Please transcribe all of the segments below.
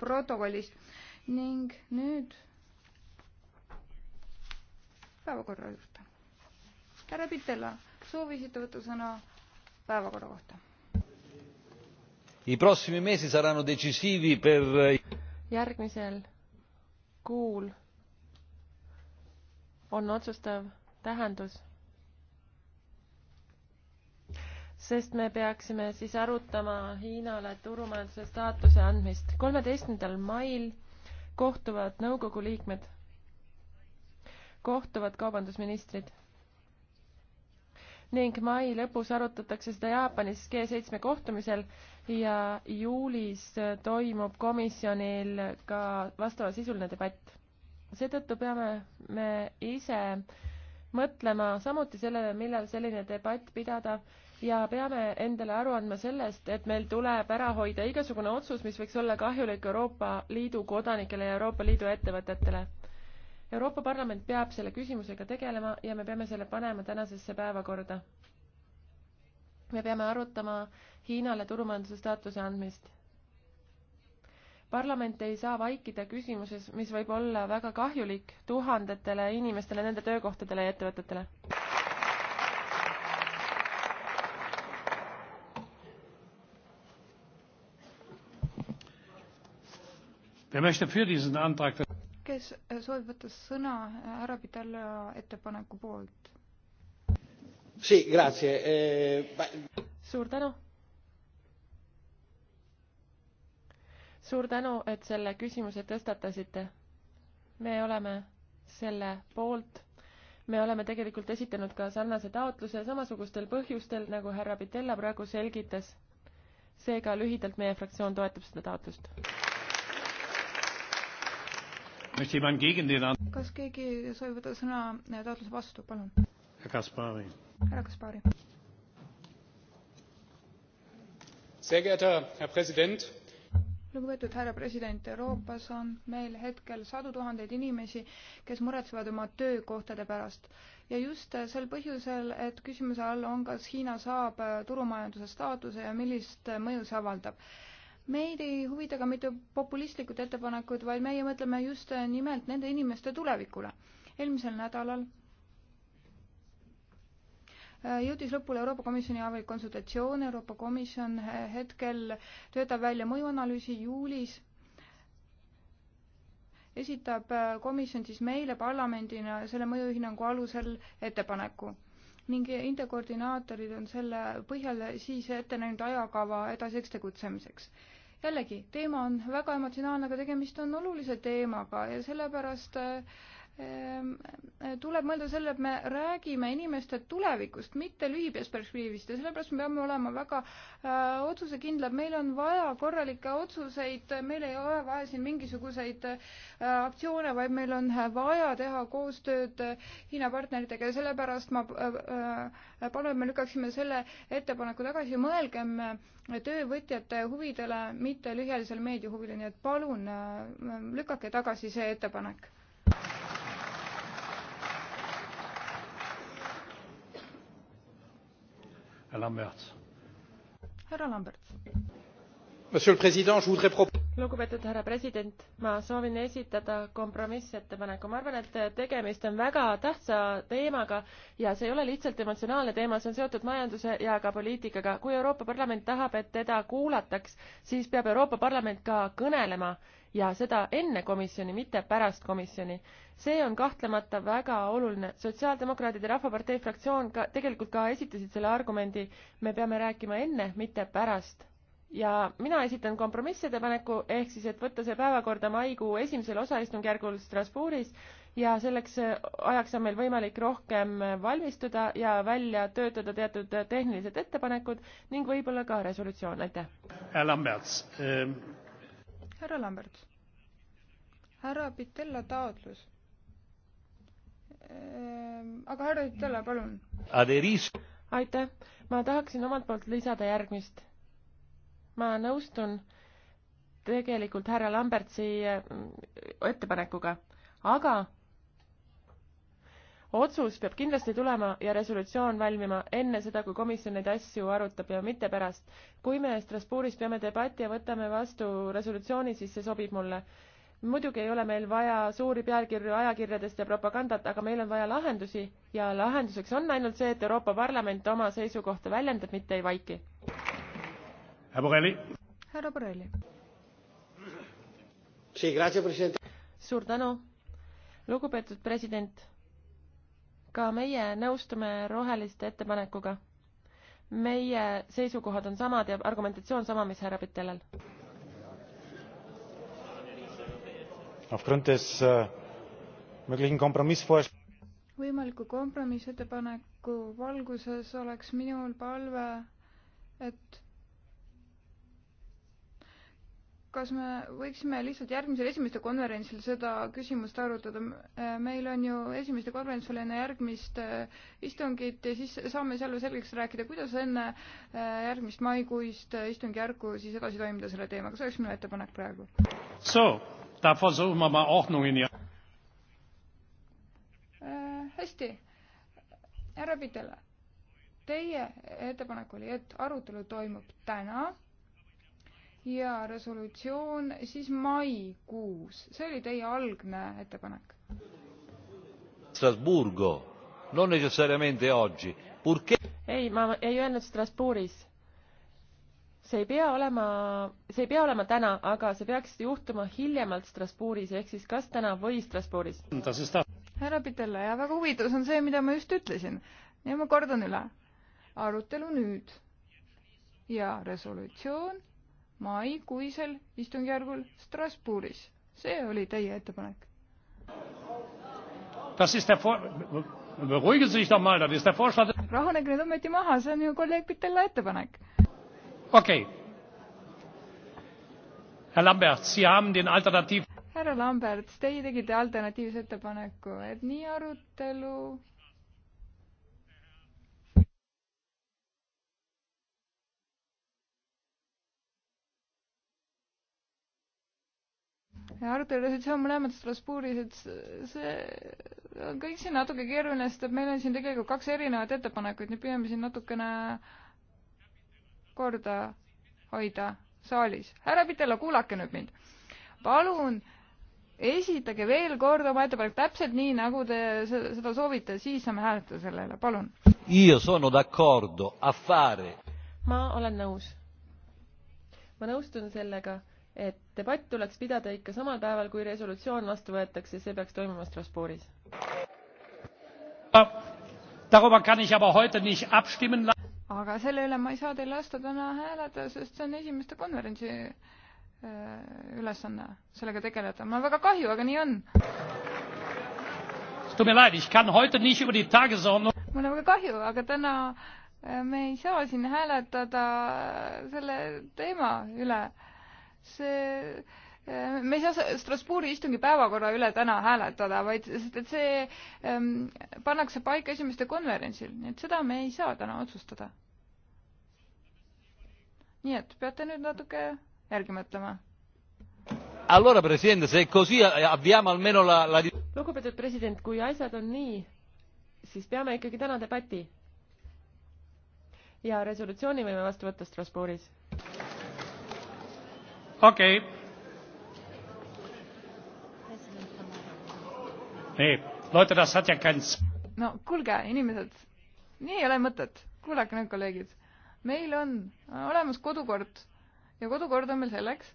protokollist ning nüüd päevakorra juurde. härra Pitela, soovisite võtta sõna päevakorra kohta? Eh, järgmisel kuul on otsustav tähendus sest me peaksime siis arutama Hiinale turumajanduse staatuse andmist. kolmeteistkümnendal mail kohtuvad nõukogu liikmed, kohtuvad kaubandusministrid ning mai lõpus arutatakse seda Jaapanis G7 kohtumisel ja juulis toimub komisjonil ka vastavasisuline debatt. seetõttu peame me ise mõtlema samuti sellele, millal selline debatt pidada ja peame endale aru andma sellest, et meil tuleb ära hoida igasugune otsus, mis võiks olla kahjulik Euroopa Liidu kodanikele ja Euroopa Liidu ettevõtetele. Euroopa Parlament peab selle küsimusega tegelema ja me peame selle panema tänasesse päevakorda. me peame arutama Hiinale turumajanduse staatuse andmist. parlament ei saa vaikida küsimuses, mis võib olla väga kahjulik tuhandetele inimestele, nende töökohtadele ja ettevõtetele. kes soovib võtta sõna härra äh, Pitalla ettepaneku poolt? Eh, suur tänu. suur tänu, et selle küsimuse tõstatasite. me oleme selle poolt me oleme tegelikult esitanud ka sarnase taotluse samasugustel põhjustel, nagu härra Pitella praegu selgitas. seega lühidalt meie fraktsioon toetab seda taotlust kas keegi soovib võtta sõna äh, taotluse vastu, palun? härra Kaspari. lugupeetud härra president, Euroopas on meil hetkel sadu tuhandeid inimesi, kes muretsevad oma töökohtade pärast ja just sel põhjusel, et küsimuse all on, kas Hiina saab äh, turumajanduse staatuse ja millist äh, mõju see avaldab meid ei huvita ka mitte populistlikud ettepanekud, vaid meie mõtleme just nimelt nende inimeste tulevikule. eelmisel nädalal äh, jõudis lõpule Euroopa Komisjoni avalik konsultatsioon, Euroopa Komisjon äh, hetkel töötab välja mõjuanalüüsi juulis, esitab äh, komisjon siis meile parlamendina selle mõjuhinnangu alusel ettepaneku ning hindekoordinaatorid on selle põhjal siis ette näinud ajakava edasiseks tegutsemiseks jällegi, teema on väga emotsionaalne, aga tegemist on olulise teemaga ja sellepärast äh, Ehm, tuleb mõelda selle, et me räägime inimeste tulevikust, mitte lühiperspektiivist ja sellepärast me peame olema väga äh, otsusekindlad, meil on vaja korralikke otsuseid, meil ei ole vaja siin mingisuguseid äh, aktsioone, vaid meil on vaja teha koostööd äh, Hiina partneritega ja sellepärast ma äh, äh, palun, me lükkaksime selle ettepaneku tagasi, mõelgem äh, töövõtjate huvidele, mitte lühiajalisele meedia huvile, nii et palun äh, lükake tagasi see ettepanek monsieur le président je voudrais proposer une solution à la situation actuelle lugupeetud härra president, ma soovin esitada kompromissettepaneku. ma arvan, et tegemist on väga tähtsa teemaga ja see ei ole lihtsalt emotsionaalne teema, see on seotud majanduse ja ka poliitikaga. kui Euroopa Parlament tahab, et teda kuulataks, siis peab Euroopa Parlament ka kõnelema ja seda enne komisjoni, mitte pärast komisjoni. see on kahtlemata väga oluline. sotsiaaldemokraadid ja Rahvapartei fraktsioon ka tegelikult ka esitasid selle argumendi, me peame rääkima enne, mitte pärast ja mina esitan kompromissettepaneku, ehk siis, et võtta see päevakorda maikuu esimesel osaistungjärgul Strasbourgis ja selleks ajaks on meil võimalik rohkem valmistuda ja välja töötada teatud tehnilised ettepanekud ning võib-olla ka resolutsioon, aitäh. härra Lamberts ähm.... härra Lamberts, härra Pitella taotlus ähm,. aga härra Pitella, palun. aitäh, ma tahaksin omalt poolt lisada järgmist ma nõustun tegelikult härra Lambertsi mm, ettepanekuga, aga otsus peab kindlasti tulema ja resolutsioon valmima enne seda, kui komisjon neid asju arutab ja mitte pärast. kui me Strasbourgis peame debatti ja võtame vastu resolutsiooni, siis see sobib mulle. muidugi ei ole meil vaja suuri pealkirju ajakirjadest ja propagandat, aga meil on vaja lahendusi ja lahenduseks on ainult see, et Euroopa Parlament oma seisukohta väljendab, mitte ei vaiki härra Borrelli. suur tänu, lugupeetud president. ka meie nõustume roheliste ettepanekuga. meie seisukohad on samad ja argumentatsioon sama, mis härra Pitelel. aufgrund des äh, möglichen Kompromissvorschlags võimaliku kompromissettepaneku valguses oleks minul palve, et kas me võiksime lihtsalt järgmisel esimeste konverentsil seda küsimust arutada? meil on ju esimeste konverentsil enne järgmist äh, istungit ja siis saame seal veel selgeks rääkida, kuidas enne äh, järgmist maikuist äh, istungjärku siis edasi toimida selle teemaga, see oleks minu ettepanek praegu. Äh, hästi, härra Pidela, teie ettepanek oli, et arutelu toimub täna ja resolutsioon siis maikuus, see oli teie algne ettepanek. Strasburgo, no necessariamente oggi, purché. ei, ma ei öelnud Strasbourgis. see ei pea olema, see ei pea olema täna, aga see peaks juhtuma hiljemalt Strasbourgis ehk siis kas täna või Strasbourgis. härra Pitella ja väga huvitav, see on see, mida ma just ütlesin ja ma kordan üle. arutelu nüüd ja resolutsioon maikuisel istungjärgul Strasbourgis. see oli teie ettepanek. rahunege nüüd ometi maha, see on ju kolleeg Pitella ettepanek. okei okay.. härra Lambert, Sie haben den alternatiiv härra Lambert, teie tegite alternatiivse ettepaneku, et nii arutelu arutelusid, see on mõlemad Strasbourgis, et see on kõik siin natuke keeruline, sest et meil on siin tegelikult kaks erinevat ettepanekut, nii püüame siin natukene korda hoida saalis. härra Pitela, kuulake nüüd mind. palun esitage veel kord oma ettepanek täpselt nii, nagu te seda soovite, siis saame hääletada selle üle, palun. ma olen nõus. ma nõustun sellega et debatt tuleks pidada ikka samal päeval, kui resolutsioon vastu võetakse, see peaks toimuma Strasbourgis. aga selle üle ma ei saa teil lasta täna hääleda, sest see on esimeste konverentsi äh, ülesanne, sellega tegeleda. mul on väga kahju, aga nii on. mul on väga kahju, aga täna äh, me ei saa siin hääletada selle teema üle see eh, me ei saa Strasbourgi istungi päevakorra üle täna hääletada, vaid sest et see ähm, pannakse paika esimeste konverentsil, nii et seda me ei saa täna otsustada. nii et peate nüüd natuke järgi mõtlema. Allora president, see così eh, avviamo almeno la, la lugupeetud president, kui asjad on nii, siis peame ikkagi täna debati. ja resolutsiooni võime vastu võtta Strasbourgis Okay. ei, Leute, das hat ja keinen no kuulge, inimesed, nii ei ole mõtet. kuulake nüüd, kolleegid. meil on olemas kodukord ja kodukord on meil selleks,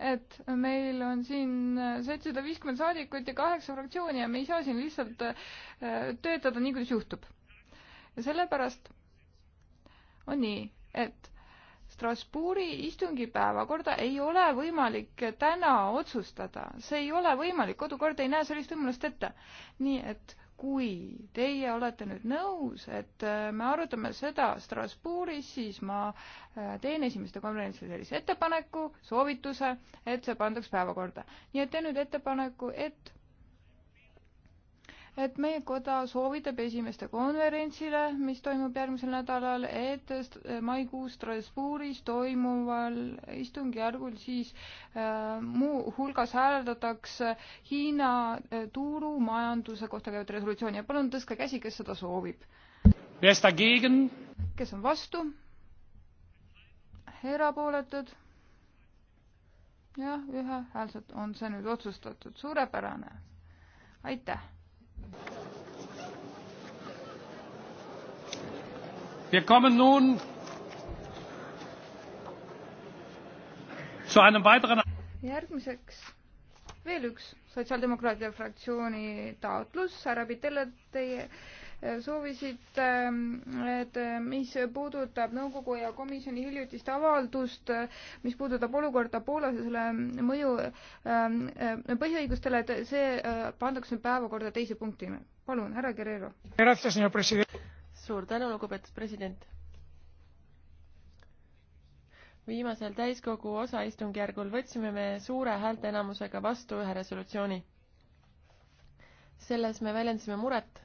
et meil on siin seitsesada viiskümmend saadikut ja kaheksa fraktsiooni ja me ei saa siin lihtsalt äh, töötada nii, kuidas juhtub. ja sellepärast on nii, et Strasbourgi istungi päevakorda ei ole võimalik täna otsustada, see ei ole võimalik, kodukord ei näe sellist võimalust ette. nii et kui teie olete nüüd nõus, et äh, me arutame seda Strasbourgis, siis ma äh, teen esimeste konverentsil sellise ettepaneku, soovituse, et see pandaks päevakorda. nii et teen nüüd ettepaneku, et et meie koda soovitab esimeste konverentsile, mis toimub järgmisel nädalal, et eh, maikuus Strasbourgis toimuval istungjärgul siis äh, muuhulgas hääldatakse Hiina äh, turumajanduse kohta käivat resolutsiooni ja palun tõstke käsi, kes seda soovib. kes on vastu? erapooletud? jah, ühehäälselt on see nüüd otsustatud, suurepärane. aitäh Wir kommen nun zu einem weiteren järgmiseks veel üks sotsiaaldemokraatide fraktsiooni taotlus härra Pitella teie soovisid, ähm, et äh, mis puudutab nõukogu ja komisjoni hiljutist avaldust, mis puudutab olukorda Poolas ja selle mõju ähm, äh, põhiõigustele, et see äh, pandakse päevakorda teise punktina. palun, härra Guerrero. suur tänu, lugupeetud president viimasel täiskogu osaistungjärgul võtsime me suure häälteenamusega vastu ühe resolutsiooni. selles me väljendasime muret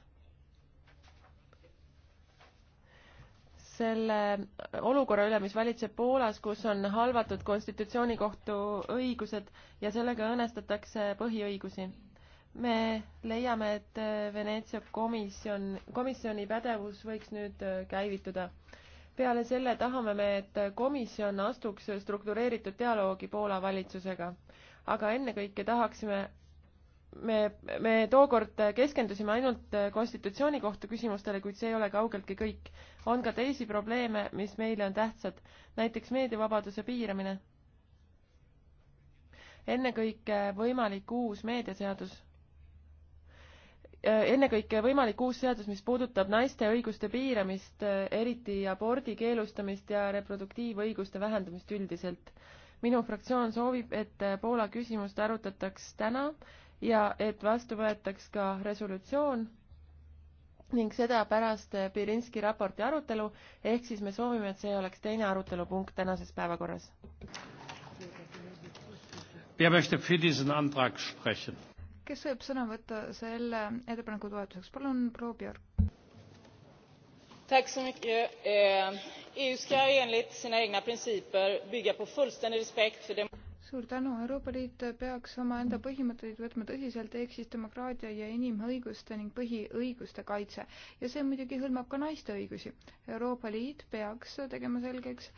selle olukorra üle, mis valitseb Poolas, kus on halvatud konstitutsioonikohtu õigused ja sellega õõnestatakse põhiõigusi. me leiame, et Veneetsia komisjon, komisjoni pädevus võiks nüüd käivituda. peale selle tahame me, et komisjon astuks struktureeritud dialoogi Poola valitsusega. aga ennekõike tahaksime me, me tookord keskendusime ainult konstitutsioonikohtu küsimustele, kuid see ei ole kaugeltki kõik. on ka teisi probleeme, mis meile on tähtsad, näiteks meediavabaduse piiramine. ennekõike võimalik uus meediaseadus. Äh, ennekõike võimalik uus seadus, mis puudutab naiste õiguste piiramist, äh, eriti abordi keelustamist ja reproduktiivõiguste vähendamist üldiselt minu fraktsioon soovib, et äh, Poola küsimust arutataks täna ja et vastu võetaks ka resolutsioon ning seda pärast Pirinski raporti arutelu, ehk siis me soovime, et see oleks teine arutelupunkt tänases päevakorras. kes võib sõna võtta selle ettepaneku toetuseks, palun proua Björk. Tack så mycket. EU eh, e ska enligt sina egna principer bygga på fullständig respekt för demokrati suur tänu, Euroopa Liit peaks omaenda põhimõtteid võtma tõsiselt, ehk siis demokraatia ja inimõiguste ning põhiõiguste kaitse. ja see muidugi hõlmab ka naiste õigusi. Euroopa Liit peaks tegema selgeks,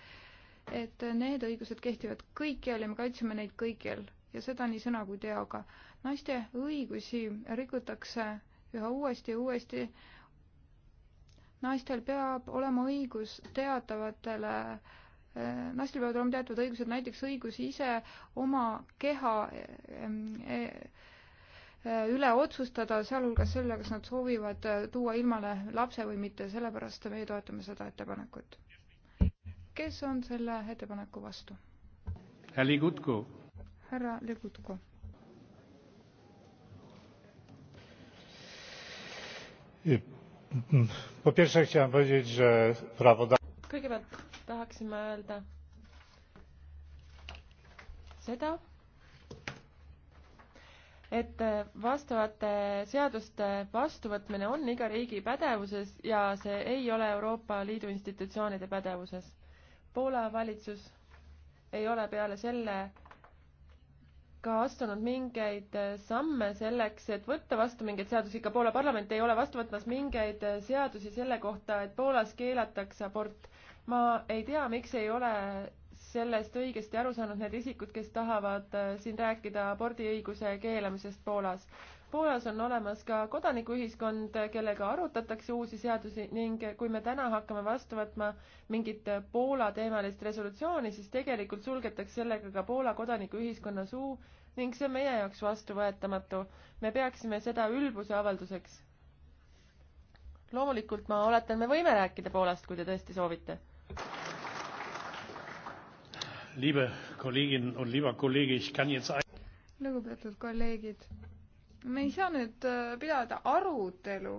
et need õigused kehtivad kõikjal ja me kaitseme neid kõikjal ja seda nii sõna kui teoga. naiste õigusi rikutakse üha uuesti ja uuesti. naistel peab olema õigus teatavatele äh, Äh, naistel peavad olema teatud õigused, näiteks õigus ise oma keha ähm, e, e, üle otsustada, sealhulgas selle, kas nad soovivad äh, tuua ilmale lapse või mitte, sellepärast meie toetame seda ettepanekut. kes on selle ettepaneku vastu? härra Ligutko. härra Ligutko. Mm, po pierwsze chciałem powiedzieć, że prawodawca kõigepealt tahaksin ma öelda seda, et vastavate seaduste vastuvõtmine on iga riigi pädevuses ja see ei ole Euroopa Liidu institutsioonide pädevuses. Poola valitsus ei ole peale selle ka astunud mingeid samme selleks, et võtta vastu mingeid seadusi, ka Poola parlament ei ole vastu võtmas mingeid seadusi selle kohta, et Poolas keelatakse abort ma ei tea, miks ei ole sellest õigesti aru saanud need isikud, kes tahavad äh, siin rääkida abordiõiguse keelamisest Poolas. Poolas on olemas ka kodanikuühiskond, kellega arutatakse uusi seadusi ning kui me täna hakkame vastu võtma mingit Poola-teemalist resolutsiooni, siis tegelikult sulgetakse sellega ka Poola kodanikuühiskonna suu ning see on meie jaoks vastuvõetamatu. me peaksime seda ülbuse avalduseks. loomulikult ma oletan, me võime rääkida Poolast, kui te tõesti soovite liebe Kolleginnen und lieber Kollege, ich kann jetzt lugupeetud kolleegid, me ei saa nüüd äh, pidada arutelu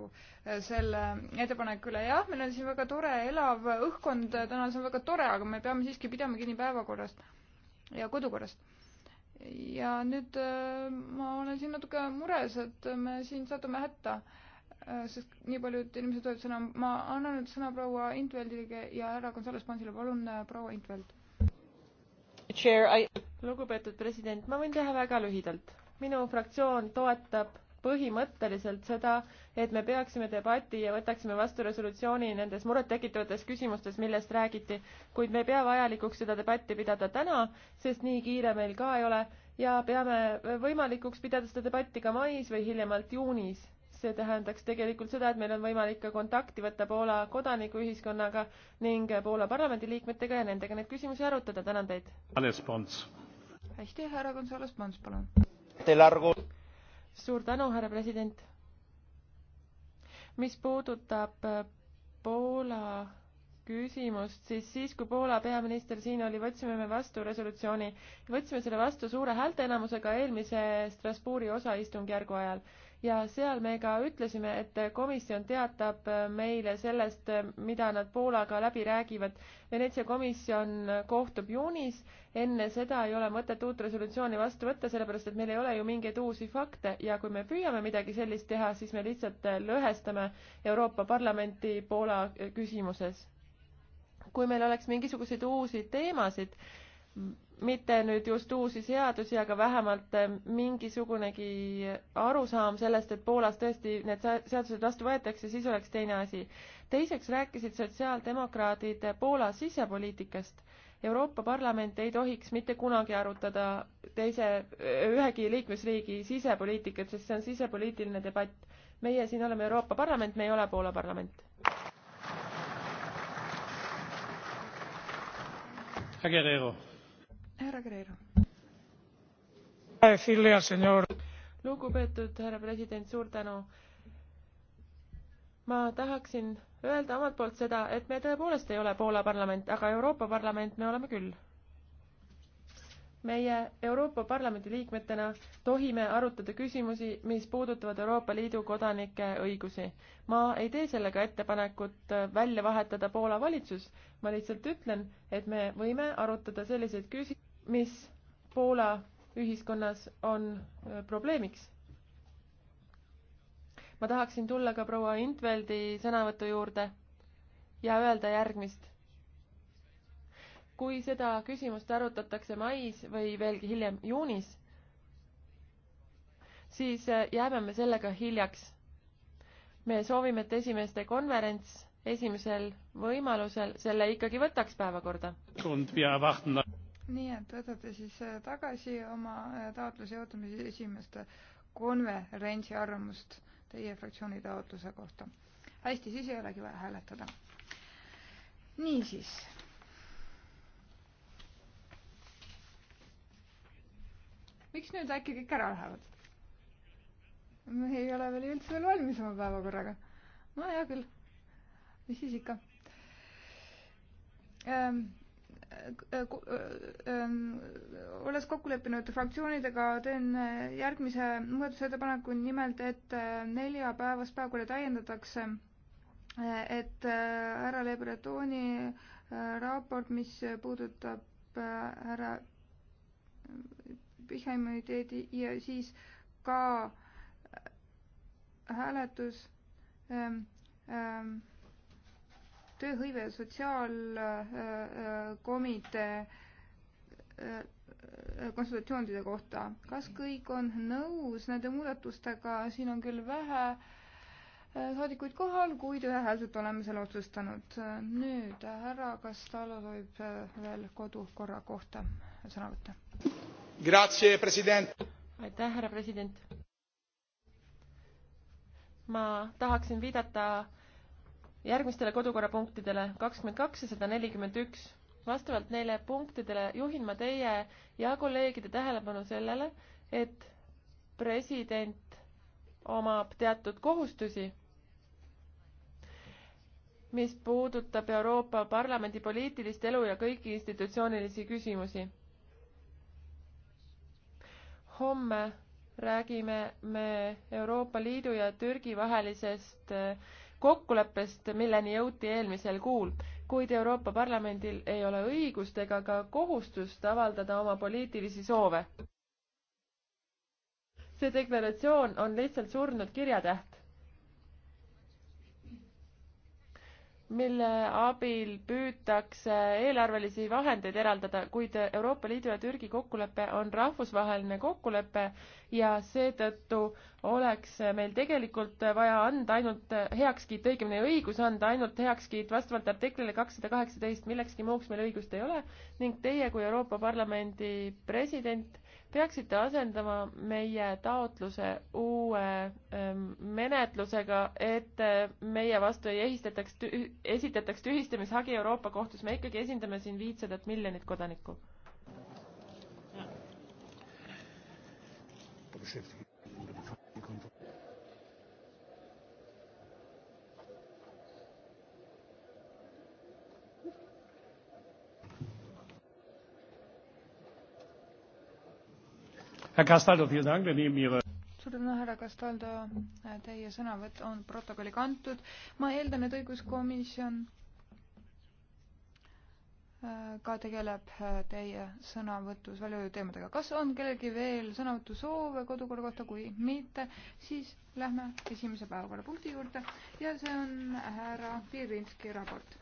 äh, selle ettepaneku üle, jah, meil on siin väga tore elav õhkkond, äh, täna see on väga tore, aga me peame siiski pidama kinni päevakorrast ja kodukorrast. ja nüüd ma olen siin natuke mures, et me siin satume hätta, sest nii paljud inimesed tohivad sõna, ma annan nüüd sõna proua Intveldile ja härra Gonzales Pansile, palun proua Intveld lugupeetud president, ma võin teha väga lühidalt. minu fraktsioon toetab põhimõtteliselt seda, et me peaksime debati ja võtaksime vastu resolutsiooni nendes murettekitavates küsimustes, millest räägiti, kuid me ei pea vajalikuks seda debatti pidada täna, sest nii kiire meil ka ei ole ja peame võimalikuks pidada seda debatti ka mais või hiljemalt juunis see tähendaks tegelikult seda, et meil on võimalik ka kontakti võtta Poola kodanikuühiskonnaga ning Poola parlamendiliikmetega ja nendega neid küsimusi arutada, tänan teid. hästi, härra Gonzales Pons, palun. suur tänu, härra president. mis puudutab äh, Poola küsimust, siis siis, kui Poola peaminister siin oli, võtsime me vastu resolutsiooni, võtsime selle vastu suure häälteenamusega eelmise Strasbourgi osaistungjärgu ajal ja seal me ka ütlesime, et komisjon teatab äh, meile sellest, äh, mida nad Poolaga läbi räägivad. Veneetsia komisjon kohtub juunis, enne seda ei ole mõtet uut resolutsiooni vastu võtta, sellepärast et meil ei ole ju mingeid uusi fakte ja kui me püüame midagi sellist teha, siis me lihtsalt äh, lõhestame Euroopa Parlamenti Poola küsimuses. kui meil oleks mingisuguseid uusi teemasid, mitte nüüd just uusi seadusi, aga vähemalt eh, mingisugunegi arusaam sellest, et Poolas tõesti need seadused vastu võetakse, siis oleks teine asi. teiseks rääkisid sotsiaaldemokraadid Poola sisepoliitikast. Euroopa Parlament ei tohiks mitte kunagi arutada teise, ühegi liikmesriigi sisepoliitikat, sest see on sisepoliitiline debatt. meie siin oleme Euroopa Parlament, me ei ole Poola parlament. Herr Guerrero härra Guerrero. lugupeetud härra president, suur tänu. ma tahaksin öelda omalt poolt seda, et me tõepoolest ei ole Poola parlament, aga Euroopa Parlament me oleme küll meie Euroopa Parlamendi liikmetena tohime arutada küsimusi, mis puudutavad Euroopa Liidu kodanike õigusi. ma ei tee sellega ettepanekut välja vahetada Poola valitsus, ma lihtsalt ütlen, et me võime arutada selliseid küsimusi, mis Poola ühiskonnas on äh, probleemiks. ma tahaksin tulla ka proua Intveldi sõnavõtu juurde ja öelda järgmist. kui seda küsimust arutatakse mais või veelgi hiljem juunis, siis äh, jääme me sellega hiljaks. me soovime, et esimeeste konverents esimesel võimalusel selle ikkagi võtaks päevakorda nii et võtate siis äh, tagasi oma äh, taotluse ja ootame siis esimeste äh, konverentsi arvamust teie fraktsiooni taotluse kohta. hästi, siis ei olegi vaja hääletada. niisiis. miks nüüd äkki kõik ära lähevad? me ei ole veel üldse veel valmis oma päevakorraga. no hea küll, mis siis ikka ähm,. Äh, äh, äh, olles kokku leppinud fraktsioonidega, teen järgmise muudatusettepaneku, nimelt et neljapäevast päevakorda täiendatakse, et härra Le Bretoni raport, mis puudutab härra pühaimmuniteedi ja siis ka hääletus ähm, ähm, tööhõive ja sotsiaalkomitee äh, äh, konsultatsioonide kohta. kas kõik on nõus nende muudatustega, siin on küll vähe äh, saadikuid kohal, kuid ühehäälselt oleme selle otsustanud. nüüd härra Castalo soovib veel kodukorra kohta sõna võtta. aitäh, härra president. ma tahaksin viidata järgmistele kodukorrapunktidele kakskümmend kaks ja sada nelikümmend üks. vastavalt neile punktidele juhin ma teie ja kolleegide tähelepanu sellele, et president omab teatud kohustusi, mis puudutab Euroopa Parlamendi poliitilist elu ja kõiki institutsioonilisi küsimusi. homme räägime me Euroopa Liidu ja Türgi vahelisest äh, kokkuleppest, milleni jõuti eelmisel kuul, kuid Euroopa Parlamendil ei ole õigust ega ka kohustust avaldada oma poliitilisi soove. see deklaratsioon on lihtsalt surnud kirjatäht. mille abil püütakse eelarvelisi vahendeid eraldada, kuid Euroopa Liidu ja Türgi kokkulepe on rahvusvaheline kokkulepe ja seetõttu oleks meil tegelikult vaja anda ainult heakskiit, õigemini õigus anda ainult heakskiit vastavalt artiklile kakssada kaheksateist, millekski muuks meil õigust ei ole ning teie kui Euroopa Parlamendi president peaksite asendama meie taotluse uue menetlusega, et äh, meie vastu ei ehistataks, esitataks tühistamishagi Euroopa kohtus, me ikkagi esindame siin viitsadat miljonit kodanikku. Herr Castaldo, vielen Dank. Wir nehmen Ihre härra Castaldo, äh, teie sõnavõtt on protokolli kantud. ma eeldan, et õiguskomisjon äh, ka tegeleb äh, teie sõnavõtus välja öeldud teemadega. kas on kellelgi veel sõnavõtusoove kodukorra kohta, kui mitte, siis lähme esimese päevakorrapunkti juurde ja see on härra Pirinski raport.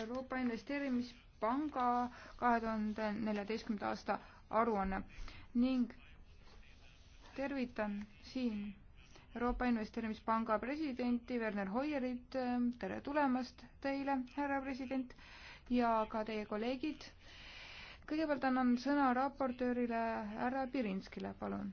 Euroopa Investeerimispanga kahe tuhande neljateistkümnenda aasta aruanne ning tervitan siin Euroopa Investeerimispanga presidenti Werner Hoierit, tere tulemast teile, härra president, ja ka teie kolleegid. kõigepealt annan sõna raportöörile härra Pirinskile, palun